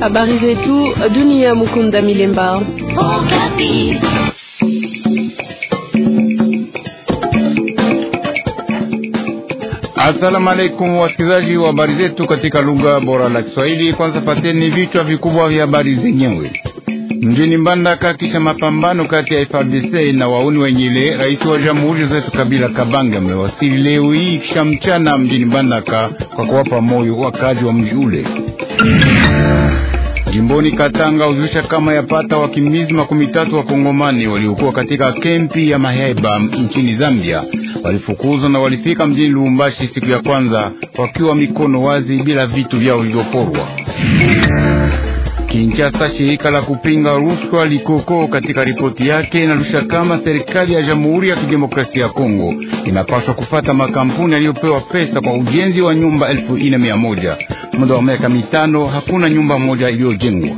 Habari zetu dunia. Mukunda Milemba. Okapi. Asalamu alaikum wasikilizaji wa habari zetu katika lugha bora la Kiswahili. Kwanza pateni vichwa vikubwa vya habari zenyewe mjini Mbandaka kisha mapambano kati ya FARDC na wauni wenyile. Rais wa Jamhuri Joseph Kabila Kabange amewasili leo hii kisha mchana mjini Mbandaka kwa kuwapa moyo wakazi wa mji ule. Jimboni Katanga uzusha kama yapata wakimbizi makumi tatu wakongomani waliokuwa katika kempi ya Maheba nchini Zambia walifukuzwa na walifika mjini Lubumbashi siku ya kwanza wakiwa mikono wazi bila vitu vyao vilivyoporwa. Kinshasa, shirika la kupinga rushwa Likoko katika ripoti yake inalusha kama serikali ya Jamhuri ya Kidemokrasia ya Kongo inapaswa kufata makampuni yaliyopewa pesa kwa ujenzi wa nyumba elfu ine mia moja muda wa miaka mitano. Hakuna nyumba moja iliyojengwa.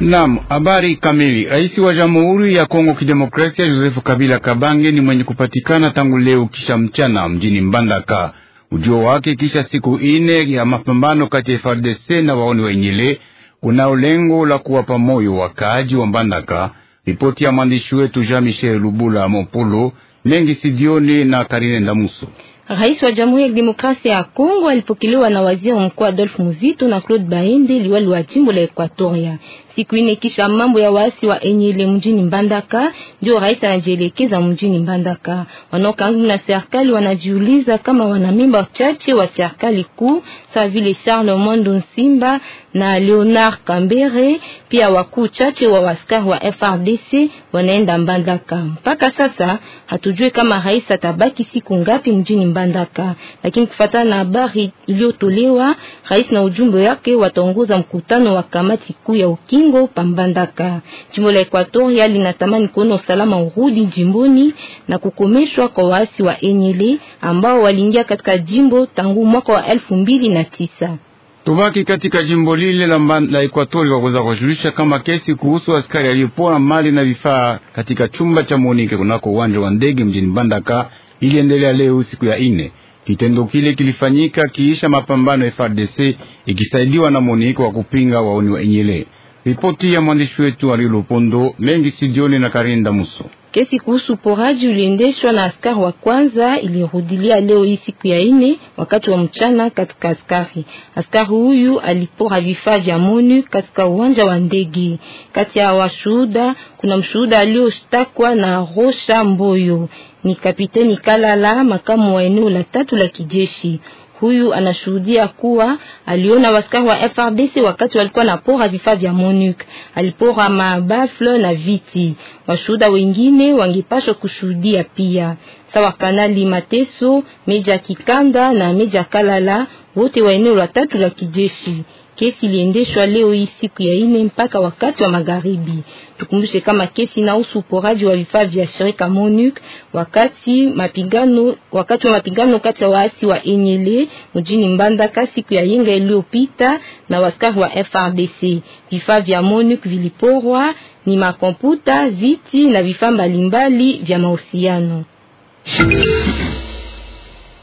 Naam, habari kamili. Rais wa Jamhuri ya Kongo Kidemokrasia Joseph Kabila Kabange ni mwenye kupatikana tangu leo kisha mchana mjini Mbandaka ujio wake kisha siku ine ya mapambano kati ya FARDC na waoni wenyele unao lengo la kuwapa moyo wakaaji wa Mbandaka. Ripoti ya mwandishi wetu Jean Michel Lubula Mopolo mengi sidioni na Karine Ndamuso. Rais wa Jamhuri ya Kidemokrasia ya Kongo alipokelewa na waziri mkuu Adolf Muzito na Claude Baende, liwali wa jimbo la Equatoria. Siku ine kisha mambo ya waasi wa Enyele mjini Mbandaka, ndio rais anajielekeza mjini Mbandaka. Wanaokaangu na serikali wanajiuliza kama wana memba chache wa serikali kuu sawa vile Charles Mondo Simba na Leonard Kambere, pia wakuu chache wa waskari wa FRDC wanaenda Mbandaka. Mpaka sasa hatujui kama rais atabaki siku ngapi mjini Mbandaka, lakini kufuatana na habari iliyotolewa, rais na ujumbe wake wataongoza mkutano wa kamati kuu ya ukingo Kongo pambandaka. Jimbo la Equatoria linatamani kuona usalama urudi jimboni na kukomeshwa kwa waasi wa Enyele ambao waliingia katika jimbo tangu mwaka wa elfu mbili na tisa. Tubaki katika jimbo lile la la Ekwatori kwa kuweza kujulisha kama kesi kuhusu askari aliyepora mali na vifaa katika chumba cha Monike kunako uwanja wa ndege mjini Bandaka iliendelea leo siku ya ine. Kitendo kile kilifanyika kiisha mapambano ya FARDC ikisaidiwa na Monike wa kupinga waoni wa Enyele. Ripoti ya mwandishi wetu Alilupondo mengi sidioni na Karinda Muso. Kesi kuhusu poraji uliendeshwa na askari wa kwanza ilirudilia leo hii siku ya ine wakati wa mchana katika askari. Askari huyu alipora vifaa vya MONU katika uwanja wa ndege. Kati ya washuhuda kuna mshuhuda aliyostakwa na Rosha Mboyo, ni kapiteni Kalala, makamu wa eneo la tatu la kijeshi huyu anashuhudia kuwa aliona waskari wa FRDC wakati walikuwa na pora vifaa vya MONUC, alipora mabafle na viti. Washuhuda wengine wangepashwa kushuhudia pia, sawa Kanali Mateso, Meja Kikanda na Meja Kalala, wote wa eneo la tatu la kijeshi. Kesi iliendeshwa leo hii siku ya ine mpaka wakati wa magharibi. Tukumbushe kama kesi inahusu uporaji wa vifaa vya shirika MONUC wakati mapigano wakati wa mapigano kati ya waasi wa Enyele mjini Mbandaka siku ya yenga iliyopita na waskari wa FRDC. Vifaa vya MONUC viliporwa ni makomputa, viti na vifaa mbalimbali vya mahusiano.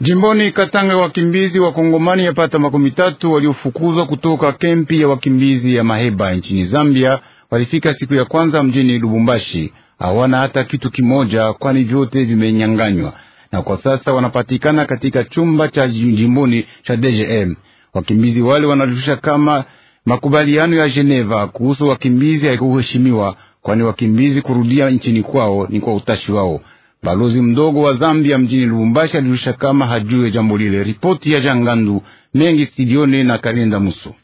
Jimboni Katanga, wakimbizi wa Kongomani yapata makumi tatu waliofukuzwa kutoka kempi ya wakimbizi ya Maheba nchini Zambia walifika siku ya kwanza mjini Lubumbashi. Hawana hata kitu kimoja, kwani vyote vimenyanganywa, na kwa sasa wanapatikana katika chumba cha jimboni cha DGM. Wakimbizi wale wanarudisha kama makubaliano ya Geneva kuhusu wakimbizi haikuheshimiwa, kwani wakimbizi kurudia nchini kwao ni kwa utashi wao. Balozi mdogo wa Zambia mjini Lubumbashi alirusha kama hajue jambo lile. Ripoti ya Jangandu Mengi sidione na Kalenda Muso.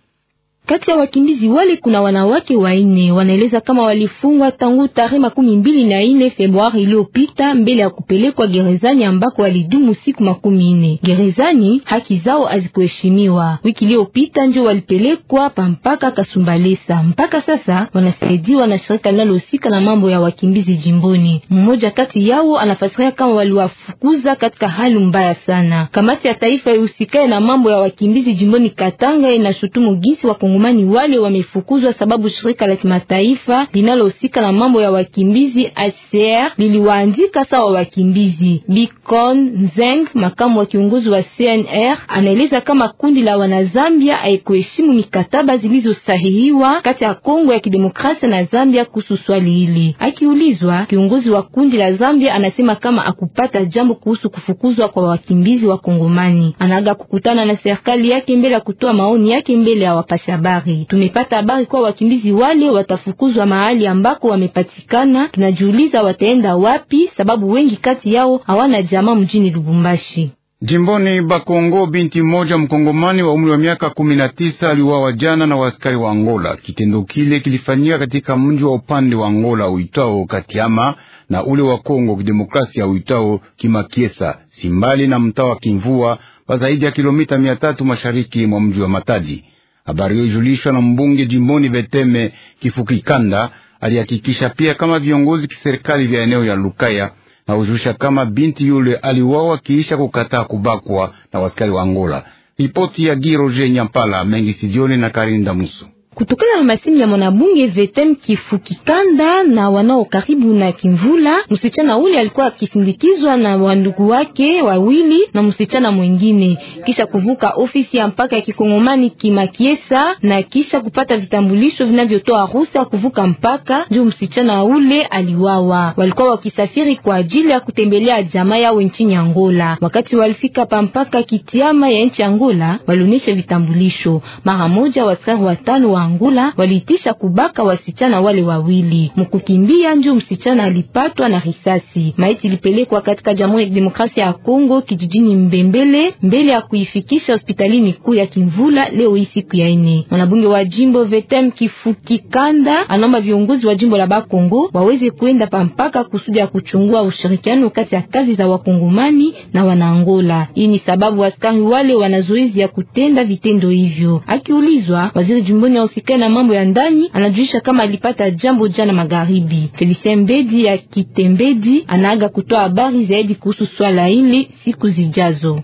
Kati ya wakimbizi wale kuna wanawake waine wanaeleza kama walifungwa tangu tarehe makumi mbili na ine Februari iliyopita mbele ya kupelekwa gerezani ambako walidumu siku makumi ine. Gerezani haki zao hazikuheshimiwa. Wiki iliyopita ndio walipelekwa pampaka Kasumbalesa. Mpaka sasa wanasaidiwa na shirika linalohusika na mambo ya wakimbizi jimboni. Mmoja kati yao anafasiria kama waliwafukuza katika hali mbaya sana. Kamati ya taifa ihusikae na mambo ya wakimbizi jimboni Katanga inashutumu gisi wa wakongomani wale wamefukuzwa sababu shirika la kimataifa linalohusika na mambo ya wakimbizi ACR liliwaandika sawa wakimbizi. Bicon Nzeng, makamu wa kiongozi wa CNR, anaeleza kama kundi la wanazambia haikuheshimu mikataba zilizosahihiwa kati ya Kongo ya Kidemokrasia na Zambia kuhusu swali hili. Akiulizwa, kiongozi wa kundi la Zambia anasema kama akupata jambo kuhusu kufukuzwa kwa wakimbizi wa Kongomani. Anaaga kukutana na serikali yake mbele ya kutoa maoni yake mbele ya wapasha habari. Tumepata habari kuwa wakimbizi wale watafukuzwa mahali ambako wamepatikana. Tunajiuliza wataenda wapi, sababu wengi kati yao hawana jamaa mjini Lubumbashi. Jimboni Bakongo, binti mmoja mkongomani wa umri wa miaka kumi na tisa aliuawa jana na waaskari wa Angola. Kitendo kile kilifanyika katika mji wa upande wa Angola uitao Katiama na ule wa Kongo Kidemokrasia uitao Kimakiesa, simbali na mtaa wa Kimvua, pa zaidi ya kilomita mia tatu mashariki mwa mji wa Matadi. Habari hiyo ilijulishwa na mbunge jimboni Veteme Kifukikanda. Alihakikisha pia kama viongozi kiserikali vya eneo ya Lukaya na ujulisha kama binti yule aliuawa kiisha kukataa kubakwa na wasikari wa Angola. Ripoti ya Giroje Nyampala mengi sijioni na Karinda Musu. Kutokana na masimu ya mwanabunge Vetem Kifukikanda na wanao karibu na Kimvula, msichana ule alikuwa akisindikizwa na wandugu wake wawili na msichana mwingine, kisha kuvuka ofisi ya mpaka ya Kikongomani Kimakiesa na kisha kupata vitambulisho vinavyotoa ruhusa ya kuvuka mpaka, ndio msichana ule aliwawa. Walikuwa wakisafiri kwa ajili ya kutembelea jamaa yao nchini Angola. Wakati walifika pampaka Kitiama ya nchi Angola, walionyesha vitambulisho mara moja. Waskari watano wa Wangula walitisha kubaka wasichana wale wawili. Mkukimbia ndio msichana alipatwa na risasi. Maiti ilipelekwa katika Jamhuri ya Demokrasia ya Kongo kijijini Mbembele mbele ya kuifikisha hospitalini kuu ya Kimvula leo hii siku ya ine. Mwanabunge wa jimbo Vetem Kifuki Kanda anaomba viongozi wa jimbo la Bakongo waweze kuenda pampaka kusudi ya kuchungua ushirikiano kati ya kazi za wakongomani na wanaangola. Hii ni sababu askari wale wanazoezi ya kutenda vitendo hivyo. Akiulizwa waziri jimboni ya usikae na mambo ya ndani anajulisha kama alipata jambo jana magharibi. Felicien Mbedi ya Kitembedi anaaga kutoa habari zaidi kuhusu swala hili siku zijazo.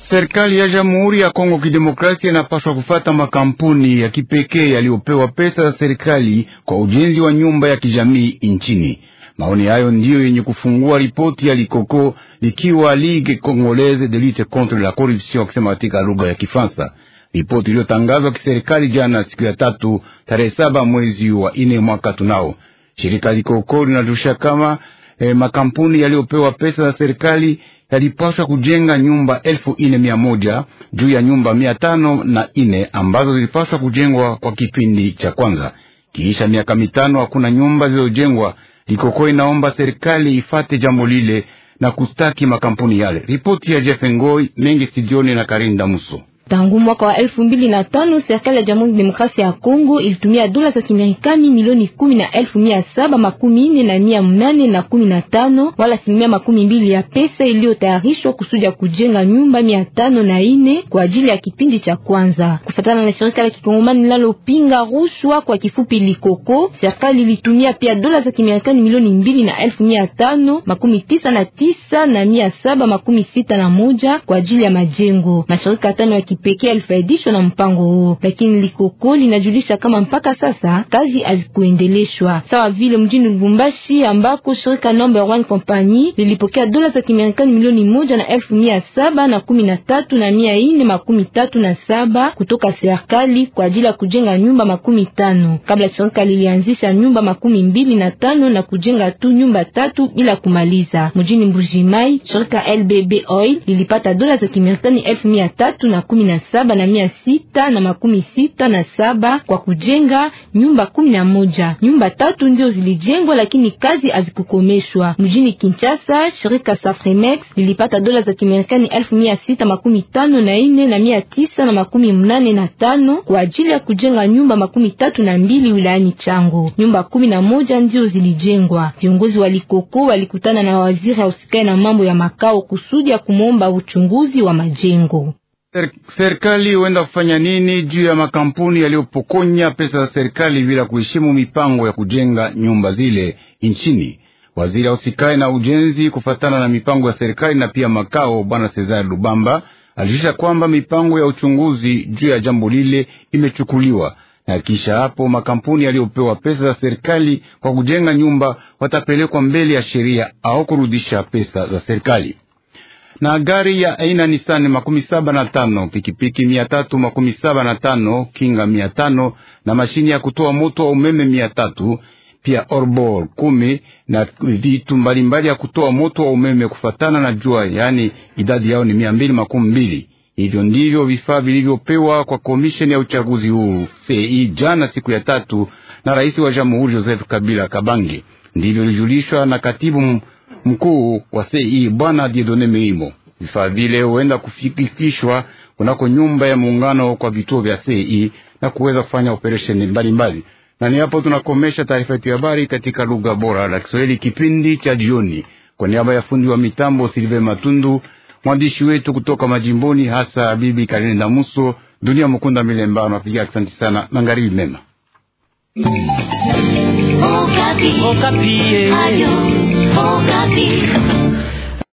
Serikali ya Jamhuri ya Kongo Kidemokrasia inapaswa kufata makampuni ya kipekee yaliyopewa pesa za serikali kwa ujenzi wa nyumba ya kijamii nchini. Maoni hayo ndiyo yenye kufungua ripoti ya Likoko likiwa Ligue Congolaise de lutte contre la corruption, akisema katika lugha ya Kifaransa ripoti iliyotangazwa kiserikali jana siku ya tatu tarehe saba mwezi wa ine mwaka tunao. Shirika Likoko linajulisha kama eh, makampuni yaliyopewa pesa za serikali yalipaswa kujenga nyumba elfu ine mia moja juu ya nyumba mia tano na ine ambazo zilipaswa kujengwa kwa kipindi cha kwanza. Kiisha miaka mitano hakuna nyumba zilizojengwa. Likoko inaomba serikali ifate jambo lile na kustaki makampuni yale. Ripoti ya Jeff Ngoi mengi sidioni na Karinda Muso. Tangu mwaka wa elfu mbili na tano serikali ya Jamhuri ya Demokrasia ya Kongo ilitumia dola za Kimarekani milioni kumi na elfu mia saba makumi nne na mia mnane na kumi na tano wala asilimia makumi mbili ya pesa iliyotayarishwa kusudia kujenga nyumba mia tano na ine kwa ajili ya kipindi cha kwanza. Kufatana na shirika la kikongomani linalopinga rushwa kwa kifupi Likoko, serikali ilitumia pia dola za Kimarekani milioni mbili na elfu mia tano makumi tisa na tisa na mia saba makumi sita na moja kwa ajili ya majengo. Mashirika tano ya pekee alifaidishwa na mpango huo, lakini Likoko linajulisha kama mpaka sasa kazi hazikuendeleshwa sawa vile mjini Lubumbashi, ambako shirika Number One Company lilipokea dola za Kimarekani milioni moja na elfu mia saba na kumi na tatu na mia ine makumi tatu na saba kutoka serikali kwa ajili ya kujenga nyumba makumi tano kabla shirika lilianzisha nyumba makumi mbili na tano na kujenga tu nyumba tatu bila kumaliza. Mjini Mbujimai, shirika LBB Oil lilipata dola za Kimarekani elfu mia tatu na kumi na saba na mia sita na makumi sita na saba kwa kujenga nyumba kumi na moja. Nyumba tatu ndio zilijengwa, lakini kazi hazikukomeshwa. Mjini Kinshasa, shirika Safremex lilipata dola za Kimarekani elfu mia sita makumi tano na ine na mia tisa na makumi mnane na tano kwa ajili ya kujenga nyumba makumi tatu na mbili wilayani Changu. Nyumba kumi na moja ndio zilijengwa. Viongozi walikoko walikutana na waziri ya usikai na mambo ya makao kusudi ya kumwomba uchunguzi wa majengo serikali huenda kufanya nini juu ya makampuni yaliyopokonya pesa za serikali bila kuheshimu mipango ya kujenga nyumba zile nchini? Waziri ausikae na ujenzi kufatana na mipango ya serikali na pia makao, bwana Cesar Lubamba alijulisha kwamba mipango ya uchunguzi juu ya jambo lile imechukuliwa na kisha hapo makampuni yaliyopewa pesa za serikali kwa kujenga nyumba watapelekwa mbele ya sheria au kurudisha pesa za serikali na gari ya aina Nissan makumi saba na tano pikipiki mia tatu makumi saba na tano kinga mia tano na mashini ya kutoa moto wa umeme mia tatu pia orbor kumi na vitu mbalimbali ya kutoa moto wa umeme kufatana na jua, yaani idadi yao ni mia mbili makumi mbili. Hivyo ndivyo vifaa vilivyopewa kwa komisheni ya uchaguzi huu sei jana siku ya tatu na rais wa jamhuri Joseph Kabila Kabange, ndivyo lijulishwa na katibu mkuu wa CI e, Bwana Diedone Milimo. Vifaa vile huenda kufikishwa kunako nyumba ya muungano kwa vituo vya CI e na kuweza kufanya operesheni mbalimbali. Na ni hapo tunakomesha taarifa yetu ya habari katika lugha bora la Kiswahili, kipindi cha jioni. Kwa niaba ya fundi wa mitambo Silve Matundu, mwandishi wetu kutoka majimboni, hasa Bibi Karine Namuso, Dunia Mukunda Milemba, nafikia asanti sana, magharibi mema. Okapi. Okapi. Eh.